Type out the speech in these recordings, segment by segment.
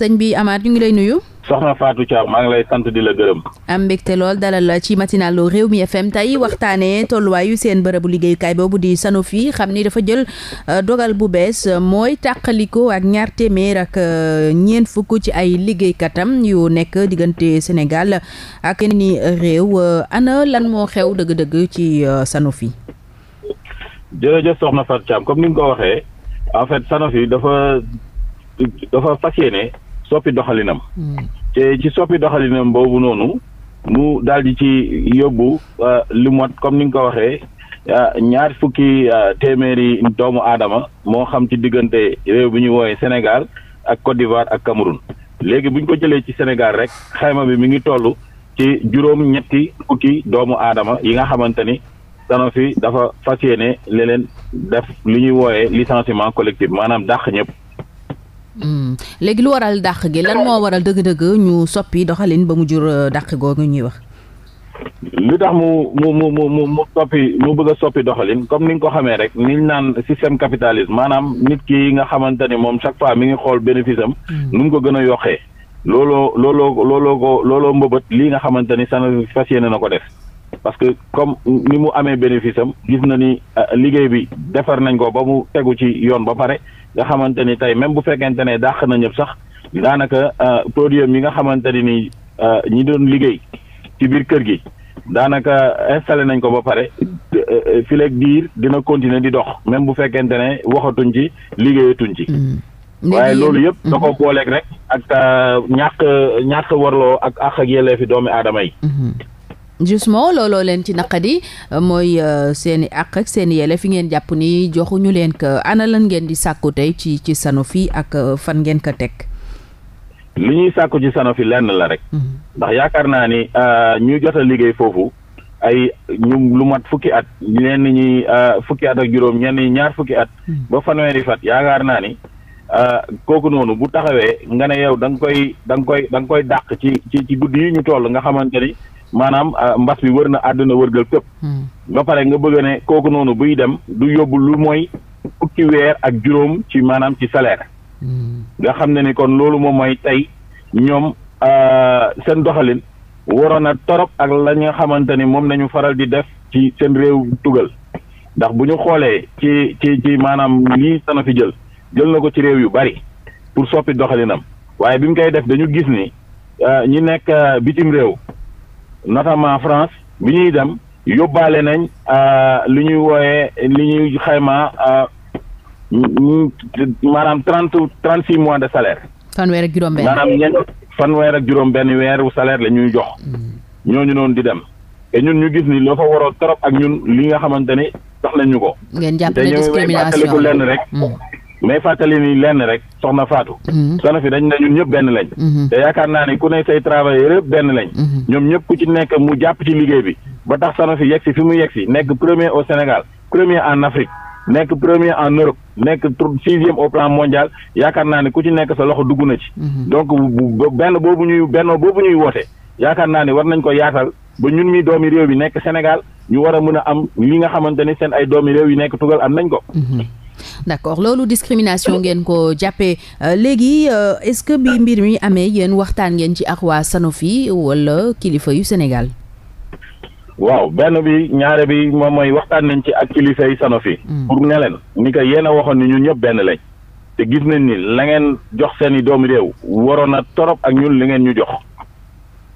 sëñ bi Amath ñu ngi lay nuyu. soxna Fatou Thiam maa ngi lay sant di la gërëm. am mbégte lool dalal ci matinalu Rewmi FM tey waxtaanee tolluwaayu seen bërëbu liggéeykaay boobu di Sanofi xam ni dafa jël euh, dogal bu bees euh, mooy tàqaliko ak ñaar téeméer ak euh, ñeent fukk ci ay liggéeykatam yu nekk diggante Sénégal ak ni réew ana lan moo xew dëgg-dëgg ci Sanofi. jërëjëf soxna Fatou Thiam comme ni nga ko waxee en fait Sanofi dafa dafa fas soppi doxalinam. Hmm. te ci soppi doxalinam boobu noonu mu daal di ci yóbbu euh, lu mot comme ni nga ko waxee euh, ñaar fukki euh, téeméeri doomu aadama moo xam ci diggante réew bi ñu wooyee Sénégal ak Côte d'Ivoire ak Cameroun léegi buñ ko jëlee ci Sénégal rek xayma bi mi ngi toll ci juróom ñetti fukki doomu aadama yi nga xamante ni fi dafa fas yéene leen def li ñuy wooyee licenciement collectif maanaam dàq ñëpp. Mm. léegi lu waral dàq gi lan moo waral dëgg-dëgg ñu soppi doxalin ba mu jur euh, dàq googu ñuy wax. lu tax mu mu mu mu mu soppi mu bëgg soppi doxalin comme ni nga ko xamee rek niñ naan système capitalisme maanaam nit ki nga xamante ni moom chaque fois mi ngi xool bénéfice am. Mm. nu mu ko gën a yokkee. looloo looloo looloo ko looloo mbëbët lii nga xamante ni sana fas yéene na ko def. parce que comme ni mu amee bénéfice am gis na ni euh, liggéey bi defar nañ ko ba mu tegu ci yoon ba pare nga xamante ni tey même bu fekkente ne dàq na sax daanaka euh, produit yi nga xamante ni nii euh, ñi doon liggéey ci biir kër gi daanaka installé nañ ko ba pare fileeg diir dina continuer di dox même bu fekkente ne waxatuñ ci liggéeyatuñ ci. Mm. waaye loolu yëpp mm-hmm. da ko booleeg rek ak ñàkk ñàkk warloo ak àq ak yelleefi doomi aadama yi. Mm-hmm. justement looloo leen ci naqadi mooy euh, seen i àq ak seen i fi ngeen jàpp ni joxuñu leen ko ana ngeen di sàkku tey ci ci Sanofi ak euh, fan ngeen ko teg. li ñuy sàkku ci Sanofi lenn la rek. Mhm. ndax yaakaar naa ni euh, ñu jot a liggéey foofu ay ñu lu mat fukki at ñenn ñi fukki at ak juróom ñenn ñaar fukki at. Mhm. ba fanweeri fat yaakaar naa ni. kooku noonu bu taxawee nga ne yow da nga koy danga koy da koy dàq ci ci ci guddi yi ñu toll nga xamante ni. maanaam ah, mbas bi wër na àdduna wërgal këpp hmm. ba pare nga bëgg ne kooku noonu buy dem du yóbbu lu mooy fukki weer ak juróom ci maanaam ci saleer hmm. nga xam ne ni kon loolu moom mooy tey ñoom ah, seen doxalin waroon na torop ak la nga xamante ni moom nañu faral di def ci seen réew tugal ndax bu ñu xoolee ci ci ci maanaam lii sana fi jël jël na ko ci réew yu bari pour soppi doxalinam waaye bi mu koy def dañu gis ni ah, ñi nekk bitim réew notamment France bi ñuy dem yóbbaale nañ euh, lu ñuy wooyee li ñuy xayma euh, maanaam trente trent six mois de salaire. fanweer ak juróom-benn maanaam ñeent fanweer ak juróom-benn weeru salaire la ñuy jox. Mm. ñooñu noonu di dem. te ñun ñu gis ni loo fa waroo trop ak ñun li nga xamante ni jox nañ ñu ko. ngeen jàppale discrimination te lenn rek. Mm. mais fàttali ni lenn rek soxna Fatou. Mhm. soxna fi dañ ne ñëpp benn lañ. Mhm. te yaakaar naa ne ku ne say travailleurs yëpp benn lañ. Mhm. ñoom ñëpp ku ci nekk mu jàpp ci liggéey bi ba tax soxna fi yegg si fi mu yegg si nekk premier au Sénégal premier en Afrique nekk premier en Europe nekk sixième au plan mondial yaakaar naa ne ku ci nekk sa loxo dugg na ci. donc benn boobu ñuy bennoo boobu ñuy woote yaakaar naa ne war nañ ko yaatal ba ñun mi doomi réew bi nekk Sénégal ñu war mën a am li nga xamante ni seen ay doomi réew yi nekk tugal am nañ ko. d'accord loolu discrimination ngeen ko jàppee euh, léegi euh, est-ce que bi mbir mi amee yéen waxtaan ngeen ci ak waa Sanofi wala kilifa yu Sénégal. waaw benn bi ñaare bi moom mooy waxtaan nañ ci ak kilifa yi Sanofi. Hmm. pour ne leen ni ko yéen a waxoon ni ñun ñëpp benn lañ. te gis nañ ni la ngeen jox seen i doomu réew waroon na torop ak ñun li ngeen ñu jox.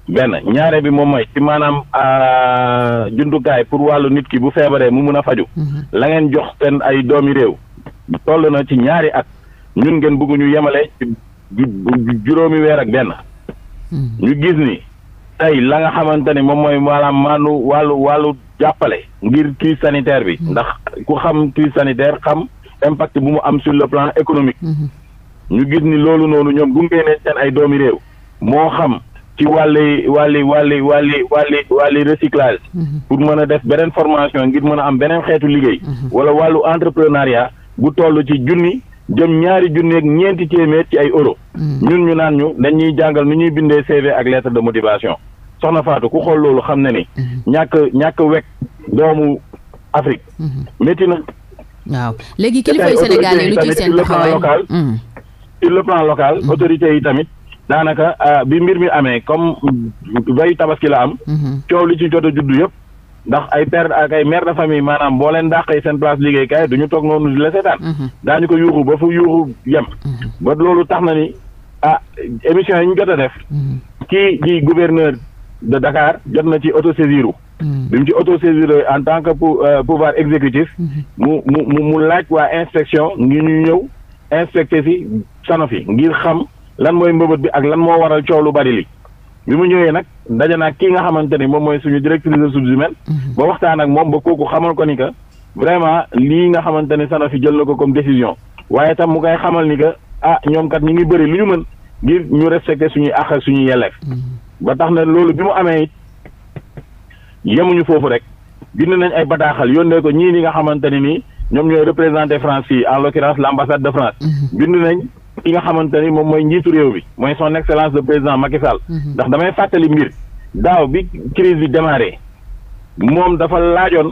benn ñaare bi moom mooy ci maanaam euh, jumtukaay pour wàllu nit ki bu feebaree mu mun a faju hmm. la ngeen jox seen ay doomi réew toll na ci ñaari at ñun ngeen bëgg ñu yemale juróomi weer ak benn. Hmm. ñu gis ni tey la nga xamante ni moom mooy maanaam maanu wàllu wàllu jàppale ngir crise sanitaire bi hmm. ndax ku xam crise sanitaire xam impact bu mu am sur le plan économique. Hmm. ñu gis ni loolu noonu ñoom gunge nañ seen ay doomi réew moo xam ci wàlli wàlli wàlli wàlli wàlli wàlli recyclage pour mën a def beneen formation ngir mën a am beneen xeetu liggéey wala wàllu entrepreneuriat bu toll ci junni jëm ñaari junni ak ñeenti téeméer ci ay euro hmm. ñun ñu naan ñu dañuy jàngal nu ñuy bindee CV ak lettre de motivation soxna Fatou ku xool loolu xam na ni hmm. ñàkk ñàkk wekk doomu Afrique métti hmm. na waaw léegi kilifa yu Sénégal yi lu ci seen taxawaay sur le plan local autorité yi tamit daanaka ah, bi mbir mi amee comme bay tabaski la am coow li ci jot a juddu yëpp ndax ay père ak ay mère de famille maanaam boo leen dàqee seen place liggéeykaay du ñu toog noonu di la seetaan. Mhm. daañu ko yuuxu ba fu yuuxu yem. Mhm. ba loolu tax na ni ah émission yi ñu jot a def. Mhm. kii di gouverneur de Dakar jot na ci autosaisiru. bi mu ci auto autosaisir en tant que euh, pouvoir exécutif. mu mu mu laaj waa inspection ngi ñu ñëw inspecté si Sanofi ngir xam lan mooy mbëbët bi ak lan moo waral coow lu bari li. bi mu ñëwee nag daje naa kii nga xamante ni moom mooy suñu directrice des ressources humaines mhm. ba waxtaan ak moom ba kooku xamal ko ni que vraiment lii nga xamante ni Sanofi jël na ko comme décision waaye tam mu kay xamal ni que ah ñoom kat ñu ngi bëri lu ñu mën ngir ñu respecté suñuy àq ak suñu yelleef mhm. ba tax na loolu bi mu amee it yemuñu foofu rek bind nañ ay bataaxal yónnee ko ñii li nga xamante ne nii ñoom ñooy représenté France fii en l'occurrence l'ambassade de France mhm. bind nañ ki nga xamante ni moom mooy njiitu réew bi mooy son excellence le président Macky Sall. Mhm. ndax damay fàttali mbir daaw bi crise bi démarré moom dafa laajoon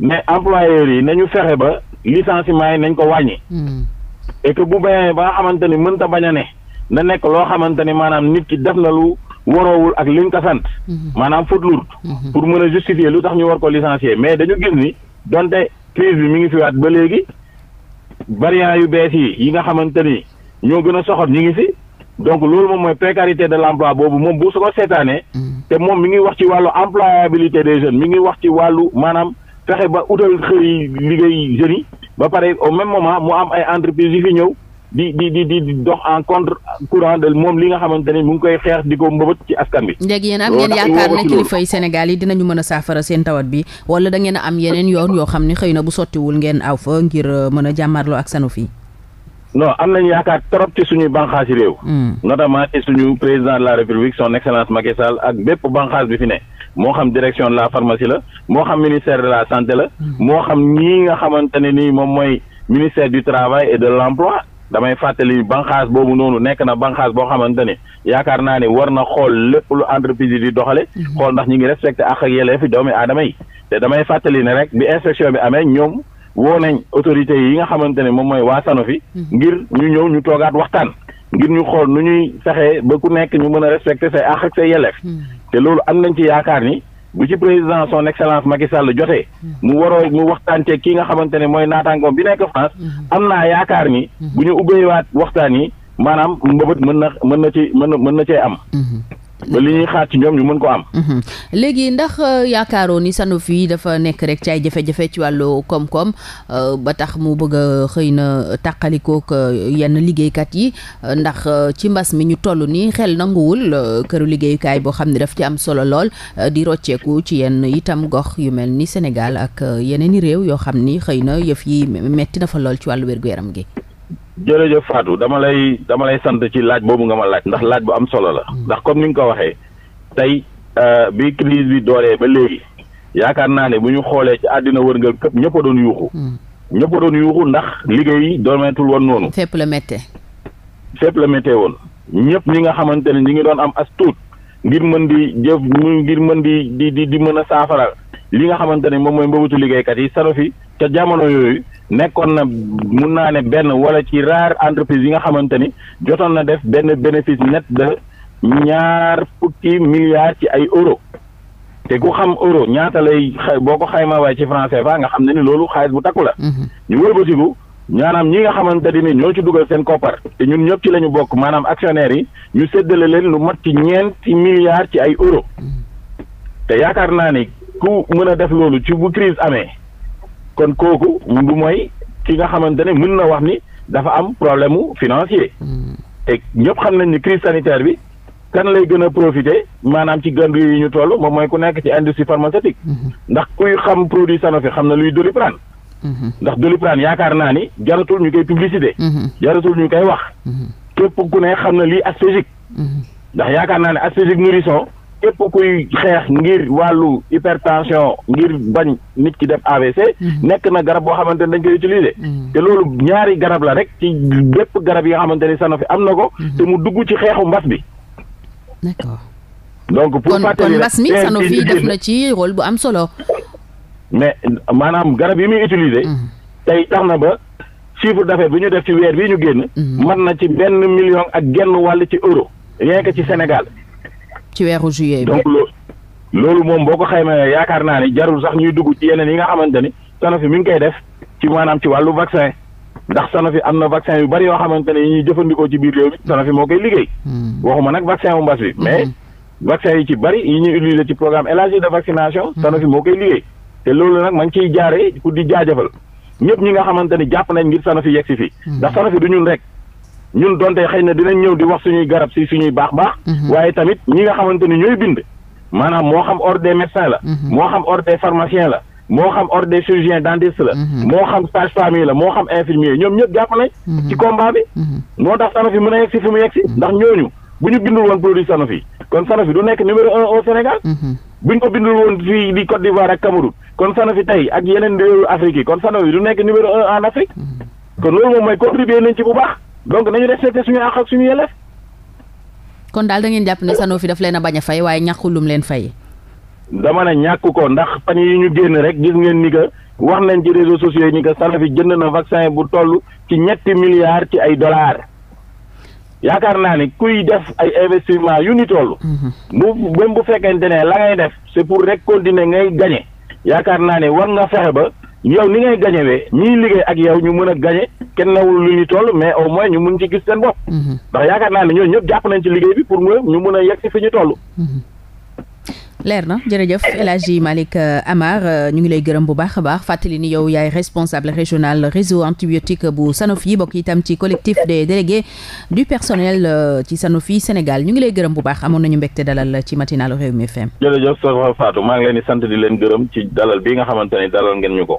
mais employeurs yi nañu fexe ba licenciement yi nañ ko wàññi. Mhm. et que bu bayee ba nga xamante ni mënta bañ a ne na nekk loo xamante ni maanaam nit ki def na lu waroowul ak liñ ko sant. Mhm. maanaam faute lourde pour mën a justifier lu tax ñu war ko licencier mais dañu gis ni donte crise bi mi ngi fi waat ba léegi variant yu bees yi yi nga xamante ni ñoo gën a soxor ñi ngi fi donc loolu moom mooy précarité de l' emploi boobu moom bu su ko seetaanee mm. te moom mi ngi wax ci wàllu employabilité des jeunes mi ngi wax ci wàllu maanaam fexe ba utal xër liggéey jeunes yi ba pare au même moment mu am ay entreprises yu fi ñëw di di di di dox en contre courant de moom li nga xamante ne mu ngi koy xeex di ko mbëbët ci askan bi. léegi yéen am ngeen yaakaar ne kilifa yi Sénégal yi dinañu mën a saafara seen tawat bi wala da ngeen am yeneen yoon yoo xam ne xëy na bu sottiwul ngeen aw fa ngir euh, mën a jàmmarloo ak Sanofi non am nañu yaakaar trop ci suñuy banqaas yi réew. Hmm. notamment ci suñu président de la république son excellence Macky al ak bépp banqaas bi fi ne moo xam direction de la pharmacie la moo xam ministère de la santé la. Hmm. moo xam ñii nga xamante ne nii moom mooy ministère du travail et de l' emploi damay fàttali banqaas boobu noonu nekk na banqaas boo xamante ne yaakaar naa ne war na xool lépp lu entreprise yi di doxale hmm. xool ndax ñu ngi respecté ak ak yelleefi doomi aadama yi te rek bi bi amee ñoom. woo nañ autorités yi nga xamante ne moom mooy waa fi mhm. ngir ñu ñëw ñu toogaat waxtaan ngir ñu xool nu ñuy fexee ba ku nekk ñu mën a respecter say àq ak say yelleef mhm. te loolu am nañ ci yaakaar ni bu ci président son excellence Macky Sall jotee mhm. mu waroo mu waxtaan ceeg ki nga xamante ne mooy naataangoom bi nekk France am naa yaakaar ni bu ñu ubbeewaat waxtaan yi maanaam mbëbët mën na mën na ci mën na mën na cee am li ñuy xaar ci ñoom ñu mën ko am. Mhm. léegi ndax euh, yaakaaroon ni Sanofi dafa nekk rek ci ay jafe-jafe ci wàllu koom-koom euh, ba tax mu bëgg a xëy na tàqalikook euh, yenn liggéeykat yi ndax ci mbas mi ñu toll nii xel nanguwul këru liggéeyukaay boo xam ne dafa ci am solo lool di rocceeku ci yenn itam gox yu mel ni Sénégal ak yeneen i réew yoo xam ni xëy na yëf yi metti na fa lool ci wàllu wér-gu-yaram gi. jërëjëf Fatou dama lay dama lay sant ci laaj boobu nga ma laaj ndax laaj bu am solo la mm. ndax comme ni nga ko waxee tey euh, bi crise bi dooree ba léegi yaakaar naa ne bu ñu xoolee ci àddina wërngal këpp ñëpp a doon yuuxu mm. ñëpp a doon yuuxu ndax liggéey doomeetul woon noonu fépp la méttee fépp la méttee woon ñëpp ñi nga xamante ne ñi ngi doon am as tuut ngir mën di jëf ngir mën di di di di mën a saafara li nga xamante ne moom mooy mbëbatu liggéeykat yi Sanofi ca jamono yooyu nekkoon na mun naa ne benn wala ci rare entreprise yi nga xamante ni jotoon na def benn bénéfice net de ñaar fukki milliards ci ay euro te ku xam euro ñaata lay xay boo ko xayma waaye ci franc CFA nga xam ne ni loolu xaalis bu takku la. Mhm. ñu wëlbatiku ñaanaam ñi nga xamante ni ñoo ci dugal seen koppar te ñun ñëpp ci lañu bokk maanaam actionnaires yi ñu séddale leen lu mat ci ñeenti milliards ci ay euro mhm. te yaakaar naa ni ku mën a def loolu ci bu amee. kon kooku du mooy ki nga xamante ne mën na wax ni dafa am problème mu financier. Hmm. te ñëpp xam nañ ni crise sanitaire bi kan lay gën a profité maanaam ci gànd yi ñu toll moom mooy ku nekk ci industrie pharmaceutique. Hmm. ndax kuy xam produit Sanofi xam na luy Doliprane. Hmm. ndax Doliprane yaakaar naa ni jaratul ñu koy publicité. jaratul ñu koy wax. képp ku ne xam na lii astégique. ndax yaakaar naa ne astégique nourrisson képp kuy xeex ngir wàllu hypertension ngir bañ nit ki def AVC. Mhm. nekk na garab boo xamante ne dañ koy utiliser. Mhm. te loolu ñaari garab la rek ci bépp garab yi nga xamante ne Sanofi am na ko. Mhm. te mu dugg ci xeexu mbas bi. donc pour fàttali mbas mi Sanofi def na ci rôle bu am solo. mais maanaam garab yi muy utilise tey tax na ba chiffre d'affaires bi ñu def ci weer bi ñu génn. mën na ci benn million ak genn wàll ci euro rien ci Sénégal. ci weeru juillet donc loolu moom boo ko xayma yaakaar naa ni jarul sax ñuy dugg ci yeneen yi nga xamante ni Sanofi mi ngi koy def ci maanaam ci wàllu vaccin ndax Sanofi am na vaccin yu bari yoo xamante ne yi ñuy jëfandikoo ci biir réew mi Sanofi moo koy liggéey hmm. waxuma nag vaccin bu mbas bi hmm. mais vaccin yi ci bari yi ñuy utiliser ci programme élargi de vaccination hmm. Sanofi moo koy liggéey te loolu nag ma ngi ciy jaare pour di jaajëfal ñëpp ñi nga xamante ni jàpp nañ ngir Sanofi yegg si fii ndax Sanofi rek ñun donte xëy na dinañ ñëw di wax suñuy garab si suñuy baax baax. Mhm. waaye tamit ñi nga xamante ni ñooy bind. maanaam moo xam ordre des la. Mhm. moo xam ordre des la. moo xam ordre des chirurgiens dentistes la. Mhm. moo xam sage famille la moo xam infirmier ñoom ñëpp jàpp nañ. ci combat bi. moo tax Sanofi mën a yegg si fi mu yegg si ndax ñooñu bu ñu bindul woon produit Sanofi kon Sanofi du nekk numéro un au Sénégal. bu ñu ko bindul woon fii di Côte d'Ivoire ak Cameroun kon Sanofi tey ak yeneen réewu Afrique yi kon Sanofi du nekk numéro un kon loolu moom mooy contribuer nañ ci bu baax. donc nañu respecté suñu ak suñu yelleef. kon daal da ngeen jàpp ne Sanofi daf leen a bañ a fay waaye ñàkkulum leen fay. dama ne ñàkk ko ndax fan yi ñu génn rek gis ngeen ni que wax nañ ci réseaux sociaux yi ni que Sanofi jënd na vaccin bu toll ci ñetti milliards ci ay dollars. yaakaar naa ne kuy def ay investissement yu ni toll. Mhm. bu même bu fekkente ne la ngay def c'est pour rek continuer ngay gagner. yaakaar naa ne war nga fexe ba. yow ni ngay gañewee ñiy liggéey ak yow ñu mën a gañe kenn nawul lu ñu toll mais au moins ñu mun ci gis seen bopp. Mhm. ndax yaakaar naa ne ñooñu ñëpp jàpp nañ ci liggéey bi pour mu ñu mun a yegg si fi ñu toll. Mhm. leer na jërëjëf El Hadji Malick euh, Amar euh, ñu ngi lay gërëm bu baax a baax fàttali ni yow yaay responsable régional réseau antibiotique bu Sanofi bokk itam ci collectif des délégués du personnel euh, ci Sanofi Sénégal ñu ngi lay gërëm bu baax amoon nañu mbégte dalal ci matinalu Rewmi nga xamante ne dalal ngeen ñu ko.